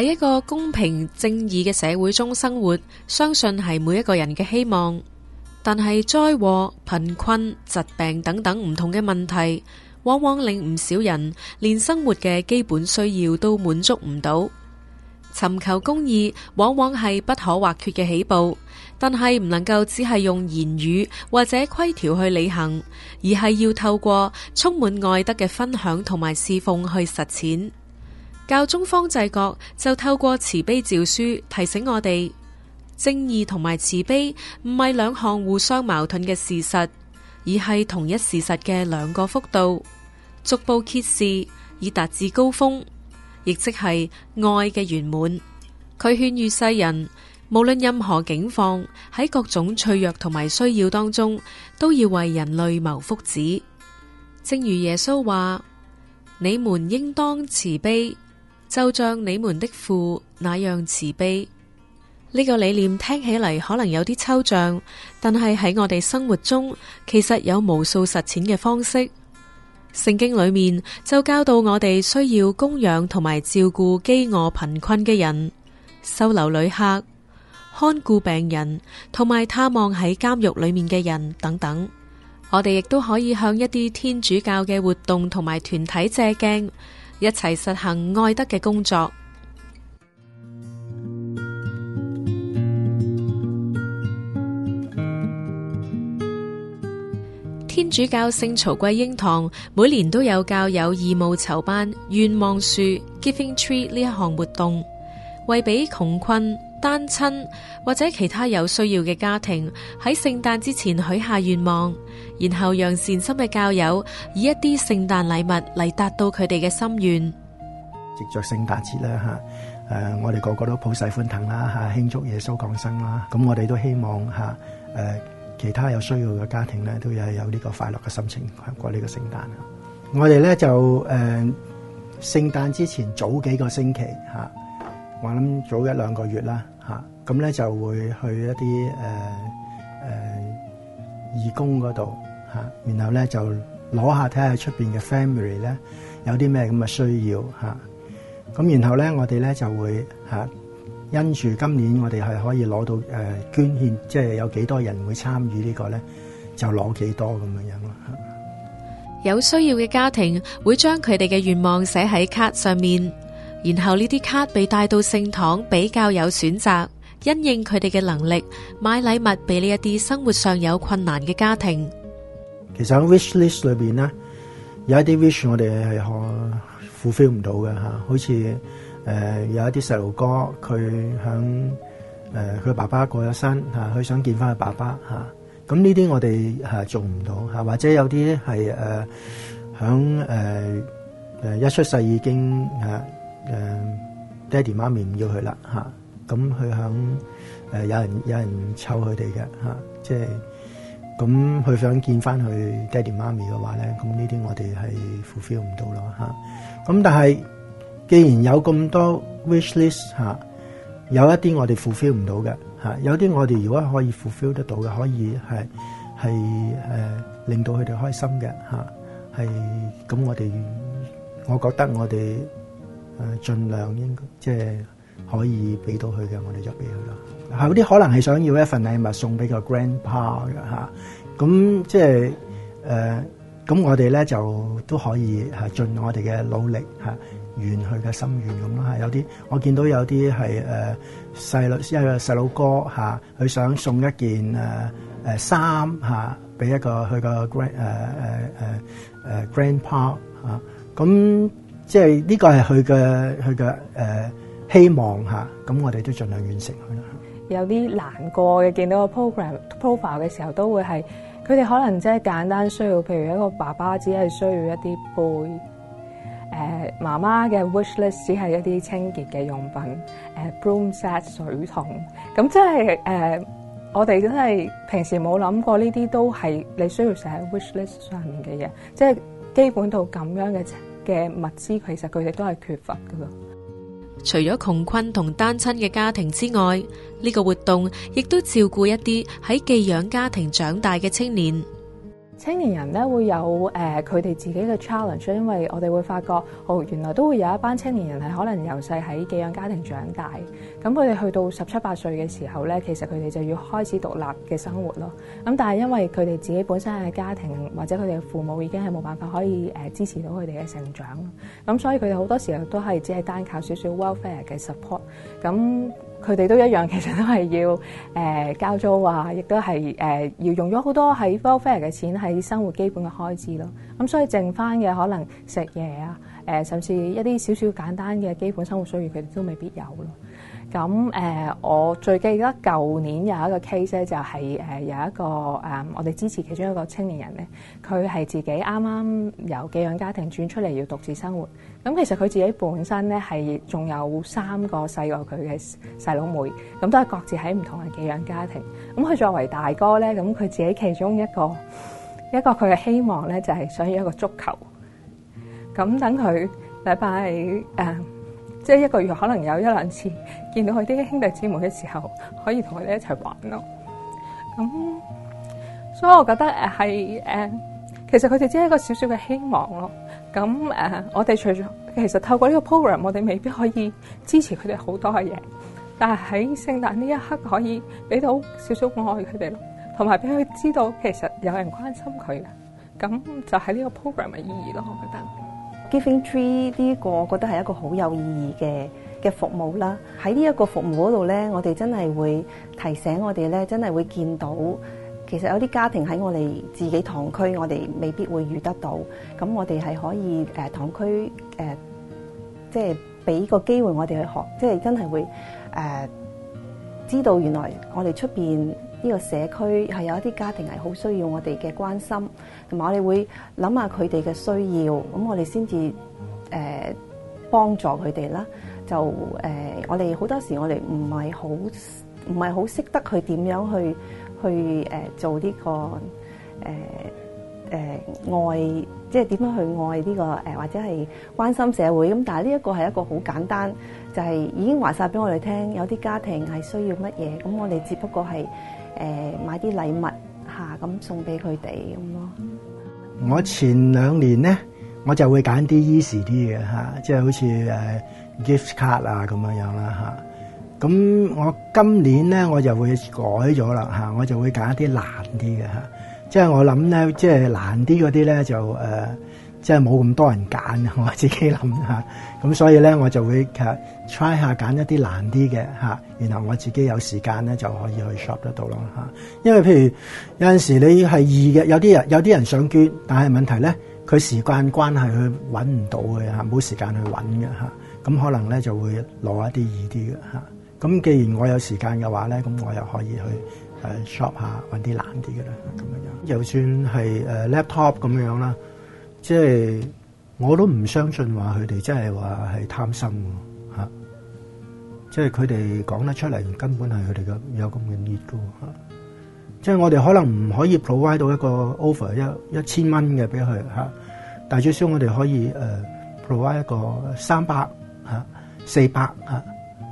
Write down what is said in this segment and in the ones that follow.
喺一個公平正義嘅社會中生活，相信係每一個人嘅希望。但係災禍、貧困、疾病等等唔同嘅問題，往往令唔少人連生活嘅基本需要都滿足唔到。尋求公義，往往係不可或缺嘅起步，但係唔能夠只係用言語或者規條去履行，而係要透過充滿愛德嘅分享同埋侍奉去實踐。教宗方濟各就透過慈悲詔書提醒我哋，正義同埋慈悲唔係兩項互相矛盾嘅事實，而係同一事實嘅兩個幅度，逐步揭示以達至高峰，亦即係愛嘅圓滿。佢勸喻世人，無論任何境況，喺各種脆弱同埋需要當中，都要為人類謀福祉。正如耶穌話：你們應當慈悲。就像你們的父那樣慈悲，呢個理念聽起嚟可能有啲抽象，但係喺我哋生活中，其實有無數實踐嘅方式。聖經裏面就教導我哋需要供養同埋照顧飢餓貧困嘅人，收留旅客，看顧病人，同埋探望喺監獄裏面嘅人等等。我哋亦都可以向一啲天主教嘅活動同埋團體借鏡。一齊實行愛德嘅工作。天主教聖曹桂英堂每年都有教友義務籌辦願望樹 （Giving Tree） 呢一項活動，為俾窮困，單親或者其他有需要嘅家庭喺聖誕之前許下願望，然後讓善心嘅教友以一啲聖誕禮物嚟達到佢哋嘅心願。接着聖誕節啦吓，誒，我哋個個都普世歡騰啦吓，慶祝耶穌降生啦。咁我哋都希望吓，誒，其他有需要嘅家庭咧，都亦有呢個快樂嘅心情過呢個聖誕。我哋咧就誒，聖誕之前早幾個星期吓，我諗早一兩個月啦，吓咁咧就會去一啲誒誒義工嗰度吓，然後咧就攞下睇下出邊嘅 family 咧有啲咩咁嘅需要吓，咁然後咧我哋咧就會吓，因住今年我哋係可以攞到誒捐獻，即係有幾多人會參與呢個咧，就攞幾多咁樣樣咯。有需要嘅家庭會將佢哋嘅願望寫喺卡上面。然後呢啲卡被帶到聖堂，比較有選擇，因應佢哋嘅能力買禮物俾你。一啲生活上有困難嘅家庭。其實喺 wish list 裏邊咧，有一啲 wish 我哋係可 fulfil 唔到嘅吓，好似誒有一啲細路哥佢響誒佢爸爸過咗身吓，佢想見翻佢爸爸吓，咁呢啲我哋係做唔到吓，或者有啲係誒響誒誒一出世已經吓。誒、嗯，爹哋媽咪唔要佢啦吓，咁佢響誒，有人有人湊佢哋嘅吓，即係咁佢想見翻佢爹哋媽咪嘅話咧，咁呢啲我哋係 fulfill 唔到咯吓。咁、啊、但係既然有咁多 wish list 吓、啊，有一啲我哋 fulfill 唔到嘅吓，有啲我哋如果可以 fulfill 得到嘅，可以係係誒令到佢哋開心嘅吓，係、啊、咁我哋我覺得我哋。誒，儘量應該即係可以俾到佢嘅，我哋就俾佢啦。有啲可能係想要一份禮物送俾個 grandpa 嘅嚇，咁、啊、即係誒，咁、啊、我哋咧就都可以係盡我哋嘅努力嚇，圓佢嘅心願用。咁、啊、啦。有啲我見到有啲係誒細佬，一個細佬哥嚇，佢、啊、想送一件誒誒衫嚇，俾、啊啊啊、一個佢個 grand 誒誒誒誒 grandpa 嚇、啊，咁。即係呢個係佢嘅、佢嘅誒希望吓，咁、啊、我哋都盡量完成佢啦。有啲難過嘅，見到個 program profile 嘅時候，都會係佢哋可能即係簡單需要，譬如一個爸爸只係需要一啲杯，誒媽媽嘅 wish list 只係一啲清潔嘅用品，誒、呃、broom set 水桶，咁即係誒我哋真係平時冇諗過呢啲都係你需要寫喺 wish list 上面嘅嘢，即、就、係、是、基本到咁樣嘅。嘅物資其實佢哋都係缺乏噶。除咗窮困同單親嘅家庭之外，呢個活動亦都照顧一啲喺寄養家庭長大嘅青年。青年人咧會有誒佢哋自己嘅 challenge，因為我哋會發覺，哦原來都會有一班青年人係可能由細喺寄養家庭長大，咁佢哋去到十七八歲嘅時候咧，其實佢哋就要開始獨立嘅生活咯。咁但係因為佢哋自己本身嘅家庭或者佢哋嘅父母已經係冇辦法可以、呃、支持到佢哋嘅成長，咁所以佢哋好多時候都係只係單靠少少 welfare 嘅 support 咁。咁佢哋都一樣，其實都係要誒、呃、交租啊，亦都係誒要用咗好多喺 welfare 嘅錢喺生活基本嘅開支咯。咁、呃、所以剩翻嘅可能食嘢啊，誒、呃、甚至一啲少少簡單嘅基本生活需要，佢哋都未必有咯。咁誒，我最記得舊年有一個 case 咧，就係誒有一個誒，我哋支持其中一個青年人咧，佢係自己啱啱由寄養家庭轉出嚟要獨自生活。咁其實佢自己本身咧係仲有三個細過佢嘅細佬妹，咁都係各自喺唔同嘅寄養家庭。咁佢作為大哥咧，咁佢自己其中一個一個佢嘅希望咧，就係想要一個足球。咁等佢禮拜誒。即係一個月可能有一兩次見到佢啲兄弟姊妹嘅時候，可以同佢哋一齊玩咯。咁，所以我覺得誒係誒，其實佢哋只係一個少少嘅希望咯。咁誒，我哋除咗其實透過呢個 program，我哋未必可以支持佢哋好多嘅嘢，但係喺聖誕呢一刻可以俾到少少愛佢哋咯，同埋俾佢知道其實有人關心佢嘅。咁就係呢個 program 嘅意義咯，我覺得。Giving Tree 呢個，我覺得係一個好有意義嘅嘅服務啦。喺呢一個服務嗰度咧，我哋真係會提醒我哋咧，真係會見到其實有啲家庭喺我哋自己堂區，我哋未必會遇得到。咁我哋係可以誒堂區誒、呃，即係俾個機會我哋去學，即係真係會誒、呃、知道原來我哋出面，呢個社區係有一啲家庭係好需要我哋嘅關心，同埋我哋會諗下佢哋嘅需要，咁我哋先至誒幫助佢哋啦。就誒，我哋好多時我哋唔係好唔係好識得去點樣去去誒做呢個誒誒愛，即係點樣去愛呢個誒，或者係關心社會。咁但係呢一個係一個好簡單，就係已經話晒俾我哋聽，有啲家庭係需要乜嘢，咁我哋只不過係。誒、呃、買啲禮物嚇咁、啊、送俾佢哋咁咯。我前兩年咧，我就會揀啲 easy 啲嘅嚇，即係好似誒 gift card 啊咁樣樣啦嚇，咁我今年咧我就會改咗啦、啊、我就會揀啲難啲嘅嚇，即係我諗咧，即係難啲嗰啲咧就誒。啊即係冇咁多人揀，我自己諗嚇，咁、啊、所以咧我就會嘅 try 下揀一啲難啲嘅，啊、然後我自己有時間咧就可以去 shop 得到咯，因為譬如有陣時你係易嘅，有啲人有啲人想捐，但係問題咧佢時間關係去揾唔到嘅冇，、啊、時間去揾嘅，咁可能咧就會攞一啲易啲嘅。咁既然我有時間嘅話咧，咁我又可以去 shop 下揾啲難啲嘅啦咁樣。就算係，啊、laptop 咁樣啦。即係我都唔相信話佢哋真係話係貪心吓、啊，即係佢哋講得出嚟，根本係佢哋咁有咁嘅熱噶吓，即係我哋可能唔可以 provide 到一個 over 一一千蚊嘅俾佢吓，但係最少我哋可以誒、呃、provide 一個三百吓四百吓，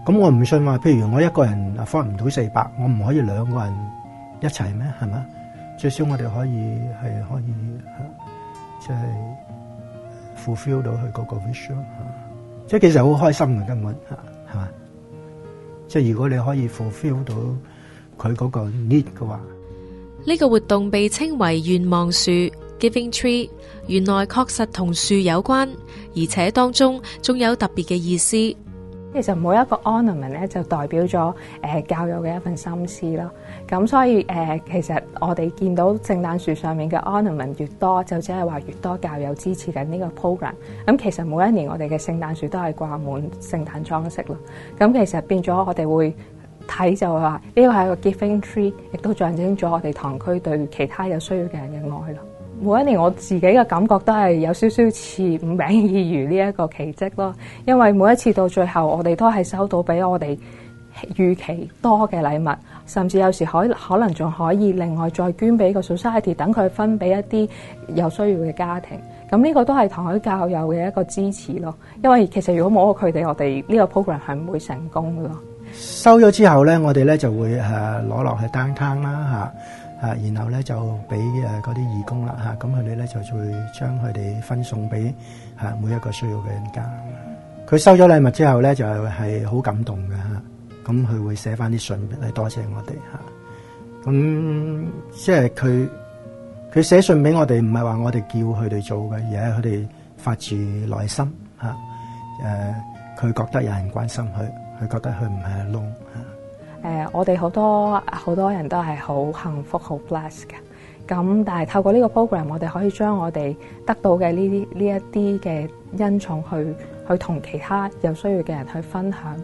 咁、啊、我唔信話，譬如我一個人啊 fund 唔到四百，我唔可以兩個人一齊咩係咪？最少我哋可以係可以、啊即係 fulfill 到佢嗰個 vision 咯，即係其實好開心嘅根本吓，係嘛？即係如果你可以 fulfill 到佢嗰個 need 嘅話，呢個活動被稱為願望樹 （Giving Tree）。原來確實同樹有關，而且當中仲有特別嘅意思。其實每一個 ornament 咧，就代表咗誒教友嘅一份心思咯。咁所以誒其實我哋見到聖誕樹上面嘅 ornament 越多，就只係話越多教友支持緊呢個 program。咁其實每一年我哋嘅聖誕樹都係掛滿聖誕裝飾咯。咁其實變咗我哋會睇就話呢個係一個 giving tree，亦都象徵咗我哋堂區對其他有需要嘅人嘅愛咯。每一年我自己嘅感覺都係有少少似無名意如呢一個奇蹟咯，因為每一次到最後，我哋都係收到比我哋預期多嘅禮物，甚至有時可可能仲可以另外再捐俾個 Society 等佢分俾一啲有需要嘅家庭。咁呢個都係台教友嘅一個支持咯，因為其實如果冇咗佢哋，我哋呢個 program 係唔會成功嘅咯。收咗之後咧，我哋咧就會誒攞落去單攤啦吓啊，然後咧就俾誒嗰啲義工啦，吓，咁佢哋咧就會將佢哋分送俾吓每一個需要嘅人家。佢收咗禮物之後咧就係好感動嘅，吓，咁佢會寫翻啲信嚟，多謝、謝我哋吓。咁即係佢佢寫信俾我哋，唔係話我哋叫佢哋做嘅，而係佢哋發自內心吓。誒，佢覺得有人關心佢，佢覺得佢唔係 alone 誒、呃，我哋好多好多人都係好幸福、好 bless 嘅。咁，但係透過呢個 program，我哋可以將我哋得到嘅呢啲呢一啲嘅恩寵去，去去同其他有需要嘅人去分享。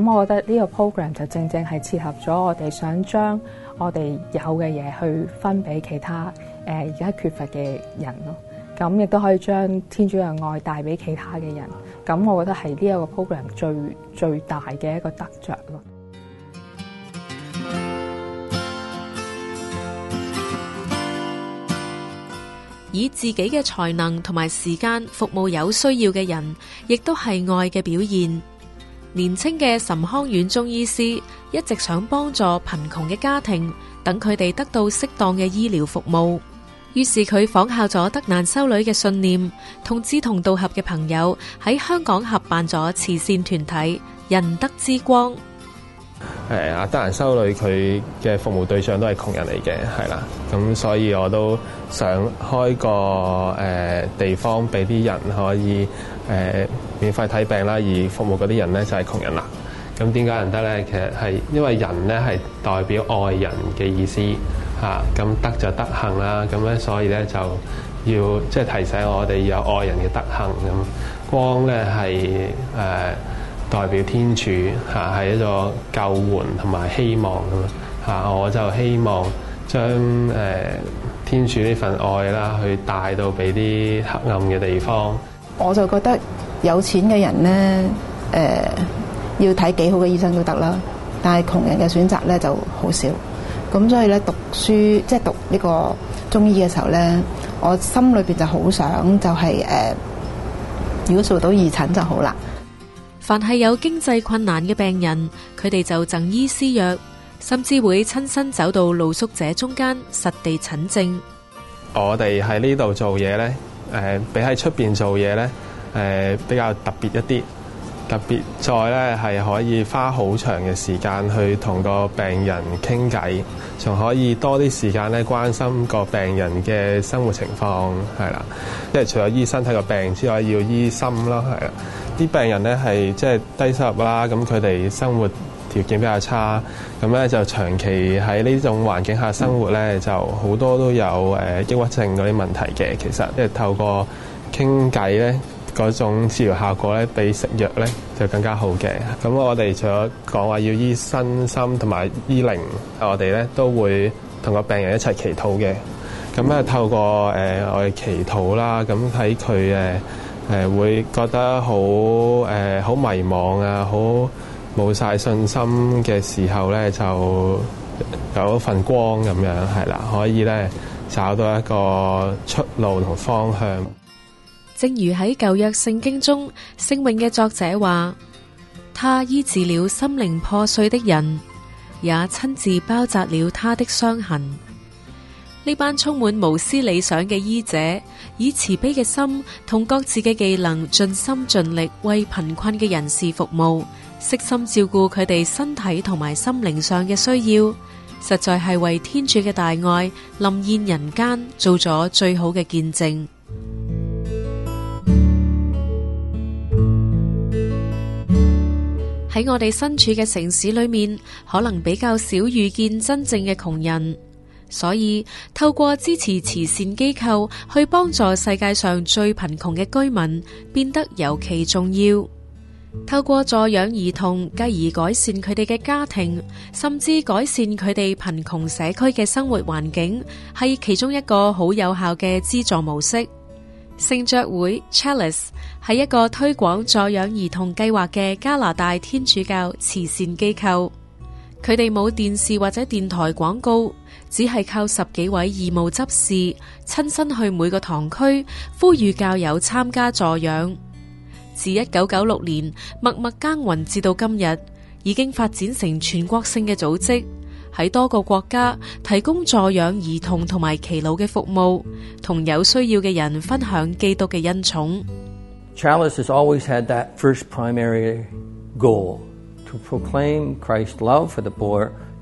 咁，我覺得呢個 program 就正正係切合咗我哋想將我哋有嘅嘢去分俾其他而家、呃、缺乏嘅人咯。咁亦都可以將天主嘅愛帶俾其他嘅人。咁，我覺得係呢一個 program 最最大嘅一個得著咯。以自己嘅才能同埋時間服務有需要嘅人，亦都係愛嘅表現。年青嘅岑康遠中醫師一直想幫助貧窮嘅家庭，等佢哋得到適當嘅醫療服務。於是佢仿效咗德蘭修女嘅信念，同志同道合嘅朋友喺香港合辦咗慈善團體仁德之光。誒，阿德蘭修女佢嘅服務對象都係窮人嚟嘅，係啦。咁所以我都想開個誒、呃、地方俾啲人可以誒、呃、免費睇病啦，而服務嗰啲人咧就係窮人啦。咁點解唔得咧？其實係因為人咧係代表愛人嘅意思吓，咁、啊、得就得幸啦。咁咧所以咧就要即係、就是、提醒我哋有愛人嘅德行。咁光咧係誒。呃代表天主吓，係一個救援同埋希望咁樣吓，我就希望將誒天主呢份愛啦，去帶到俾啲黑暗嘅地方。我就覺得有錢嘅人咧誒、呃、要睇幾好嘅醫生都得啦，但係窮人嘅選擇咧就好少。咁所以咧讀書即係、就是、讀呢個中醫嘅時候咧，我心裏邊就好想就係、是、誒、呃、如果做到義診就好啦。凡係有經濟困難嘅病人，佢哋就贈醫施藥，甚至會親身走到露宿者中間實地診症。我哋喺呢度做嘢咧，誒比喺出邊做嘢咧，誒比較特別一啲，特別再咧係可以花好長嘅時間去同個病人傾偈，仲可以多啲時間咧關心個病人嘅生活情況，係啦，即係除咗醫生睇個病之外，要醫心咯，係啦。啲病人咧係即係低收入啦，咁佢哋生活條件比較差，咁咧就長期喺呢種環境下生活咧，就好多都有誒抑鬱症嗰啲問題嘅。其實，即係透過傾偈咧，嗰種治療效果咧，比食藥咧就更加好嘅。咁我哋除咗講話要醫身心同埋醫靈，我哋咧都會同個病人一齊祈禱嘅。咁咧，透過誒我哋祈禱啦，咁睇佢誒。誒，會覺得好誒，好、呃、迷茫啊，好冇晒信心嘅時候呢，就有一份光咁樣係啦，可以呢，找到一個出路同方向。正如喺舊約聖經中聖詠嘅作者話：他醫治了心靈破碎的人，也親自包紮了他的傷痕。呢班充滿無私理想嘅醫者，以慈悲嘅心同各自嘅技能，盡心盡力為貧困嘅人士服務，悉心照顧佢哋身體同埋心靈上嘅需要，實在係為天主嘅大愛臨現人間，做咗最好嘅見證。喺 我哋身處嘅城市裏面，可能比較少遇見真正嘅窮人。所以透過支持慈善機構去幫助世界上最貧窮嘅居民，變得尤其重要。透過助養兒童，繼而改善佢哋嘅家庭，甚至改善佢哋貧窮社區嘅生活環境，係其中一個好有效嘅資助模式。聖爵會 （Chalice） 係一個推廣助養兒童計劃嘅加拿大天主教慈善機構。佢哋冇電視或者電台廣告。只係靠十幾位義務執事親身去每個堂區呼籲教友參加助養，自一九九六年默默耕耘至到今日，已經發展成全國性嘅組織，喺多個國家提供助養兒童同埋耆老嘅服務，同有需要嘅人分享基督嘅恩寵。Chalice has always had that first primary goal to proclaim Christ’s love for the poor.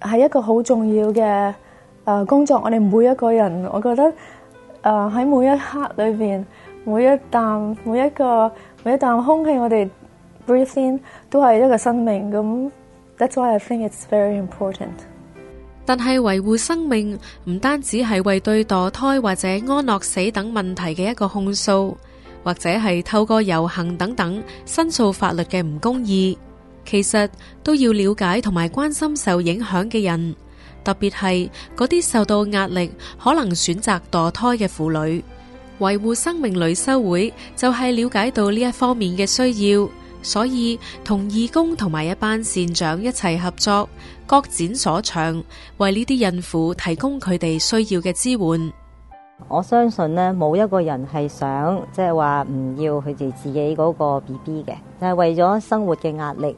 係一個好重要嘅，誒工作，我哋每一個人，我覺得誒喺每一刻裏邊，每一啖每一個每一啖空氣，我哋 breathing 都係一個生命。咁 That's why I think it's very important。但係維護生命唔單止係為對墮胎或者安樂死等問題嘅一個控訴，或者係透過遊行等等申訴法律嘅唔公義。其實都要了解同埋關心受影響嘅人，特別係嗰啲受到壓力可能選擇墮胎嘅婦女。維護生命女修會就係、是、了解到呢一方面嘅需要，所以同義工同埋一班善長一齊合作，各展所長，為呢啲孕婦提供佢哋需要嘅支援。我相信呢，冇一個人係想即係話唔要佢哋自己嗰個 B B 嘅，就係為咗生活嘅壓力，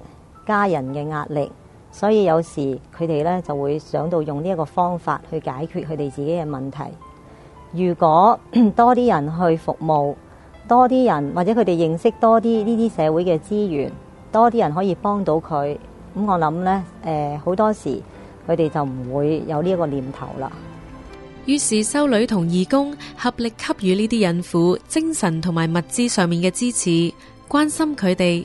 家人嘅壓力，所以有時佢哋咧就會想到用呢一個方法去解決佢哋自己嘅問題。如果多啲人去服務，多啲人或者佢哋認識多啲呢啲社會嘅資源，多啲人可以幫到佢，咁我諗咧，誒好多時佢哋就唔會有呢一個念頭啦。於是修女同義工合力給予呢啲孕婦精神同埋物資上面嘅支持，關心佢哋。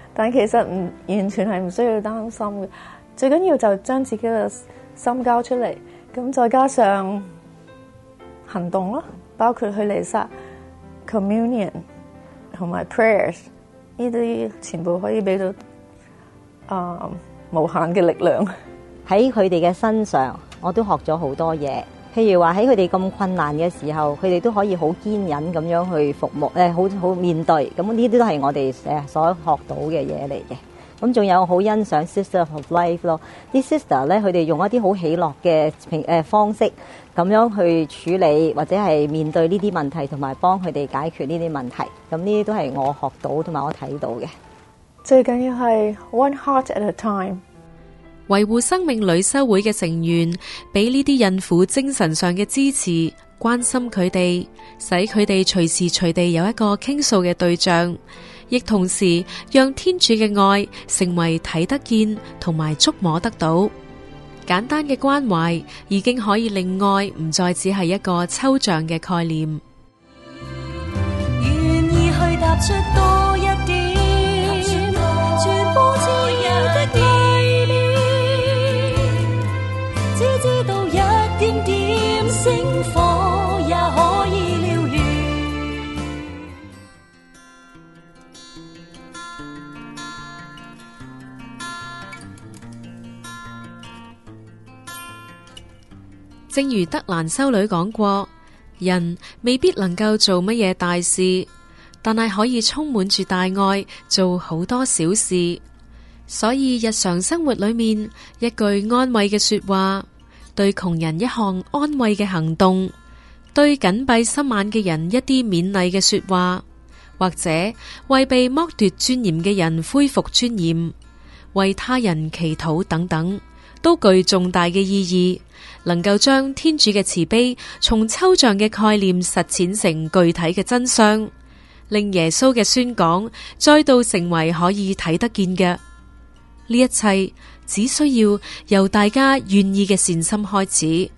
但其實唔完全係唔需要擔心嘅，最緊要就將自己嘅心交出嚟，咁再加上行動咯，包括去彌撒 communion 同埋 prayers 呢啲，全部可以俾到啊、呃、無限嘅力量喺佢哋嘅身上，我都學咗好多嘢。譬如話喺佢哋咁困難嘅時候，佢哋都可以好堅忍咁樣去服務，誒好好面對。咁呢啲都係我哋誒所學到嘅嘢嚟嘅。咁仲有好欣賞 Sister of Life 咯，啲 Sister 咧佢哋用一啲好喜樂嘅平誒方式咁樣去處理或者係面對呢啲問題，同埋幫佢哋解決呢啲問題。咁呢啲都係我學到同埋我睇到嘅。最緊要係 One Heart at a Time。維護生命女修會嘅成員，俾呢啲孕婦精神上嘅支持，關心佢哋，使佢哋隨時隨地有一個傾訴嘅對象，亦同時讓天主嘅愛成為睇得見同埋觸摸得到。簡單嘅關懷已經可以令愛唔再只係一個抽象嘅概念。願意去踏出多。正如德蘭修女講過，人未必能夠做乜嘢大事，但係可以充滿住大愛，做好多小事。所以日常生活裏面，一句安慰嘅說話，對窮人一項安慰嘅行動，對緊閉心眼嘅人一啲勉勵嘅說話，或者為被剝奪尊嚴嘅人恢復尊嚴，為他人祈禱等等，都具重大嘅意義，能夠將天主嘅慈悲從抽象嘅概念實踐成具體嘅真相，令耶穌嘅宣講再度成為可以睇得見嘅。呢一切只需要由大家願意嘅善心開始。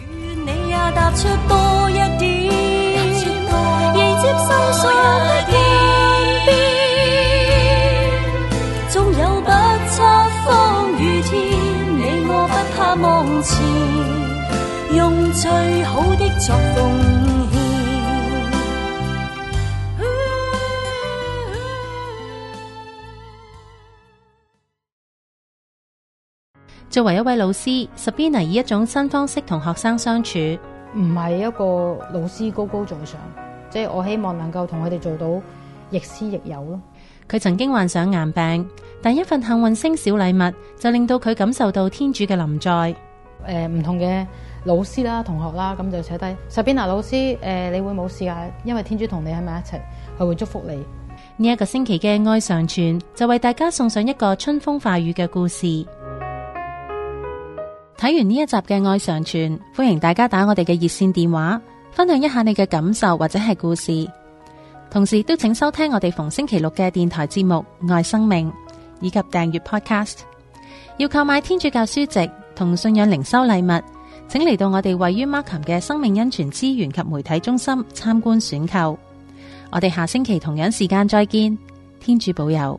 願你最好的奉獻作為一位老師，Sabina 以一種新方式同學生相處，唔係一個老師高高在上，即係我希望能夠同佢哋做到亦師亦友咯。佢曾經患上癌病，但一份幸運星小禮物就令到佢感受到天主嘅臨在。誒、呃，唔同嘅。老師啦，同學啦，咁就寫低。Sabina，老師，誒、呃，你會冇事啊？因為天主同你喺埋一齊，佢會祝福你呢一，這個星期嘅愛上傳，就為大家送上一個春風化雨嘅故事。睇完呢一集嘅愛上傳，歡迎大家打我哋嘅熱線電話，分享一下你嘅感受或者係故事。同時都請收聽我哋逢星期六嘅電台節目《愛生命》，以及訂閱 Podcast。要購買天主教書籍同信仰靈修禮物。請嚟到我哋位於 Markham 嘅生命恩泉資源及媒體中心參觀選購，我哋下星期同樣時間再見，天主保佑。